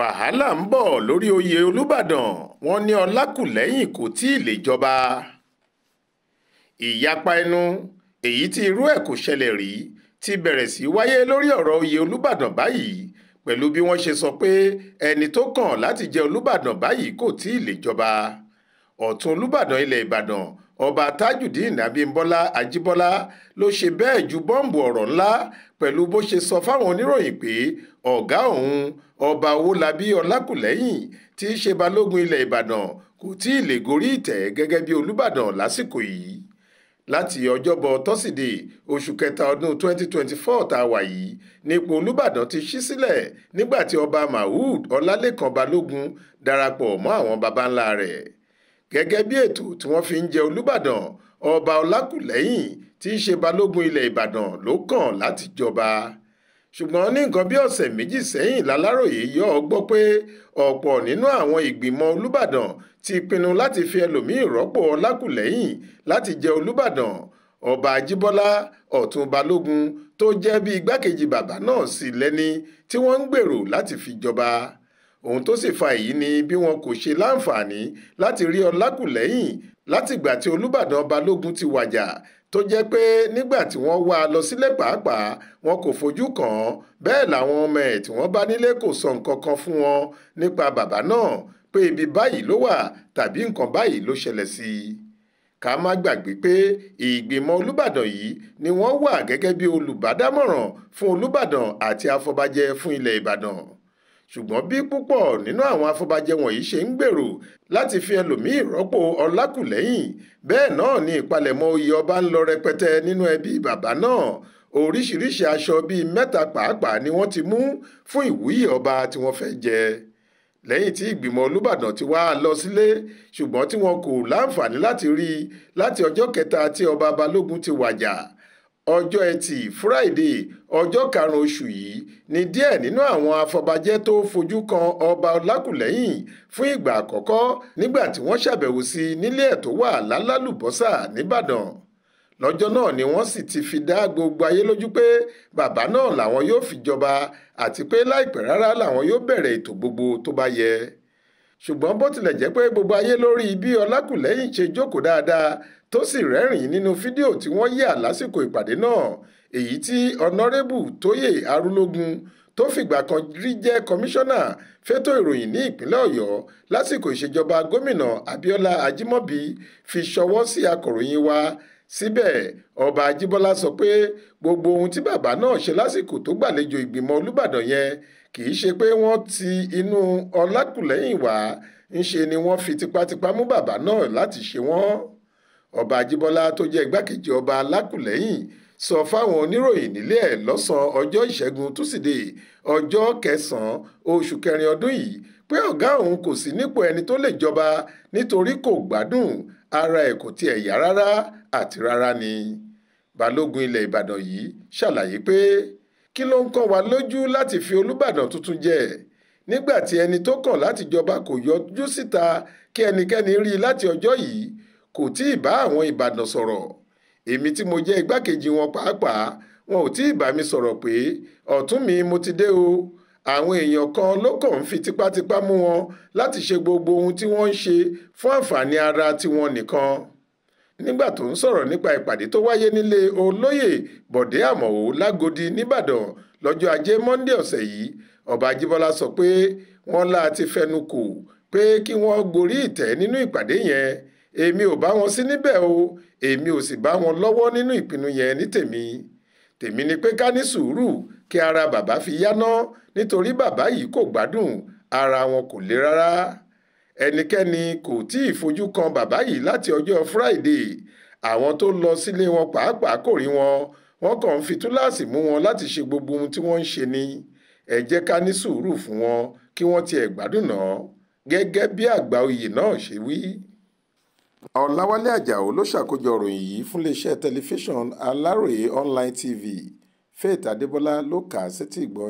wàhálà ń bọ̀ lórí oyè olùbàdàn wọn ní ọlákùlẹ́yìn kò tí ì lè jọba ìyapa ẹnu èyí tí irú ẹ̀ kò ṣẹlẹ̀ rí ti bẹ̀rẹ̀ sí wáyé lórí ọ̀rọ̀ oyè olùbàdàn báyìí pẹ̀lú bí wọ́n ṣe sọ pé ẹni tó kàn láti jẹ olùbàdàn báyìí kò tí ì lè jọba ọ̀tún olùbàdàn ilẹ̀ ìbàdàn ọba tajudeen abímbọ́lá ajíbọ́lá ló ṣe bẹ́ẹ̀ ju bọ́ǹbù ọ̀rọ̀ ńlá pẹ̀lú bó ṣe sọ fáwọn oníròyìn pé ọ̀gá òun ọba owólabí ọlákùlẹ́yìn tí í ṣe balógun ilẹ̀ ìbàdàn kò tí ì lè gorí ìtẹ́ gẹ́gẹ́ bí olùbàdàn lásìkò yìí láti ọjọ́bọ̀ tọ́sídẹ̀ẹ́ oṣù kẹta ọdún 2024 tá a wà yìí nípò olùbàdàn ti ṣí sílẹ̀ nígbà tí ọba mahood ọlálékan balógun darapọ̀ mọ́ àwọn baba rẹ̀ gẹ́gẹ́ bí ètò tí wọ́n fi ń jẹ olùbàdàn ọba ọlákùlẹ́yìn tí í ṣe balógun ilẹ̀ ìbàdàn ló kàn láti jọba ṣùgbọ́n ní nǹkan bí ọ̀sẹ̀ méjì sẹ́yìn láláròyé yọ ọ gbọ́ pé ọ̀pọ̀ nínú àwọn ìgbìmọ̀ olùbàdàn ti pinnu láti fi ẹlòmíín rọ́pò ọlákùlẹ́yìn láti jẹ olùbàdàn ọba ajíbọ́lá ọ̀tún balógun tó jẹ́ bí igbákejì bàbá náà sì lẹ́ni tí wọ́n ń gbèrò láti fi jọba ohun tó sì fa èyí ni bí wọn kò ṣe láǹfààní láti rí ọlákùlẹ́yìn látìgbà tí olùbàdàn balógun ti wàjà tó jẹ́ pé nígbà tí wọ́n wá a lọ sílẹ̀ pàápàá wọn kò fojú kàn án bẹ́ẹ̀ làwọn ọmọ ẹ̀ tí wọ́n bá nílé kò sọ nǹkan kan fún wọn nípa bàbá náà pé ibi báyìí ló wà tàbí nǹkan báyìí ló ṣẹlẹ̀ sí i ká má gbàgbé pé ìgbìmọ̀ olùbàdàn yìí ni wọ́n wà gẹ́gẹ́ bí olùbádámọ̀ràn fún olùbàdàn àti afọbajẹ fún ilẹ̀ ìbàdàn ṣùgbọ́n bí púpọ̀ nínú àwọn afọbajẹ wọ̀nyí ṣe ń gbèrò láti fi ẹlòmíì rọ́pò ọlákùlẹ́yìn bẹ́ẹ̀ náà ni ìpalẹ̀mọ́ oyè ọba ń lọ rẹpẹtẹ nínú ẹbí bàbá náà oríṣiríṣi aṣọ bíi mẹ́ta pàápàá ni wọ́n ti mú fún ìwúyè ọba tí wọ́n fẹ́ jẹ lẹ́yìn tí ìgbìmọ̀ olùbàdàn ti wá lọ sílé ṣùgbọ́n tí wọn kò láǹfààní láti rí i láti ọjọ́ kẹta tí ọba balógun ti wàjà ọjọ́ ẹtì fúráìdè ọjọ́ karùn-ún oṣù yìí ni díẹ̀ nínú àwọn afọbajẹ tó fojú kan ọba ọlákùlẹ́yìn fún ìgbà àkọ́kọ́ nígbà tí wọ́n ṣàbẹ̀wò sí nílé ẹ̀ tó wà lálálùbọ́sà nìbàdàn lọ́jọ́ náà ni wọ́n sì ti fi dá gbogbo ayé lójú pé bàbá náà làwọn yóò fi jọba àti pé láìpẹ́ rárá làwọn yóò bẹ̀rẹ̀ ètò gbogbo tó bá yẹ ṣùgbọ́n bó tilẹ̀ jẹ́ pé gbogbo ayé lórí bí ọlákùlẹ́yìn ṣe jókòó dáadáa tó sì rẹ́rìn-ín nínú fídíò tí wọ́n yà lásìkò ìpàdé náà èyí tí ọ̀nàrẹ́bù tóyè arúlógún tó fìgbà kan rí jẹ́ kọmíṣánná fétò ìròyìn ní ìpínlẹ̀ ọ̀yọ́ lásìkò ìṣèjọba gómìnà abíọ́lá ajímọ́bí fi ṣọwọ́ sí akọ̀ròyìn wa síbẹ̀ ọba ajíbọ́lá sọ pé gbogbo ohun tí bàbá náà ṣe lásìkò tó gbàlejò ìgbìmọ̀ olùbàdàn yẹn kì í ṣe pé wọ́n ti inú ọlákùlẹ́yìn wá ńṣe ni wọ́n fi tipátipá mú bàbá náà láti ṣe wọ́n ọba àjíbọ́lá tó jẹ́ igbákejì ọba alákùlẹ́yìn sọ fáwọn oníròyìn nílé ẹ̀ lọ́sàn-án ọjọ́ ìṣẹ́gun túsídẹ̀ẹ́ ọjọ́ kẹsàn-án oṣù kẹrin ọdún yìí pé ọ̀gá òun kò sí nípò ẹni tó lè jọba nítorí kò gbádùn ara ẹ̀ kò tiẹ̀ yá rárá àti rárá ni balógun ilẹ̀ ìbàdàn yìí ṣàlàyé pé kí ló ń kọ́ wa lójú láti fi olúbàdàn olùbàdàn tuntun jẹ nígbà tí ẹni tó kàn láti jọba kò yọjú síta kí ẹnikẹ́ni rí i láti ọjọ́ yìí kò tí ì bá àwọn ìbàdàn sọ̀rọ̀ èmi tí mo jẹ́ igbákejì wọn pàápàá wọn ò tí ì bá mi sọ̀rọ̀ pé ọ̀tún mi mo ti dé o àwọn èèyàn kan ló kàn ń fi tipátipá mú wọn láti ṣe gbogbo ohun tí wọ́n ń ṣe fún àǹfààní ara tiwọn nìkan nígbà tó ń sọ̀rọ̀ nípa ìpàdé tó wáyé nílé olóyè bọ̀dé àmọ̀wò lágodi nìbàdàn lọ́jọ́ ajé monde ọ̀sẹ̀ yìí ọba Ajíbọ́lá sọ pé wọ́n lá ti fẹnu kò pé kí wọ́n gorí ìtẹ́ nínú ìpàdé yẹn èmi ò bá wọn sí níbẹ̀ o èmi ò sì bá wọn lọ́wọ́ nínú ìpinnu yẹn ní tèmi tèmi ni pé ká ní sùúrù kí ara bàbá fi yáná nítorí bàbá yìí kò gbádùn ara wọn kò le rárá ẹnikẹ́ni kò tí ì fojú kan bàbá yìí láti ọjọ́ Friday àwọn tó lọ sílé wọn pàápàá kò rí wọn wọ́n kàn ń fi túláàsì mú wọn láti ṣe gbogbo ohun tí wọ́n ń ṣe ni ẹ jẹ́ ká ní sùúrù fún wọn kí wọ́n tiẹ̀ gbádùn náà gẹ́gẹ́ bí àgbà oyè náà ṣe wí. ọ̀làwálé ajáò ló ṣàkójọ ìròyìn yìí fún iléeṣẹ́ tẹlifíṣàn aláròye online tv faith adébọlá ló kà á sétí ìgbọ́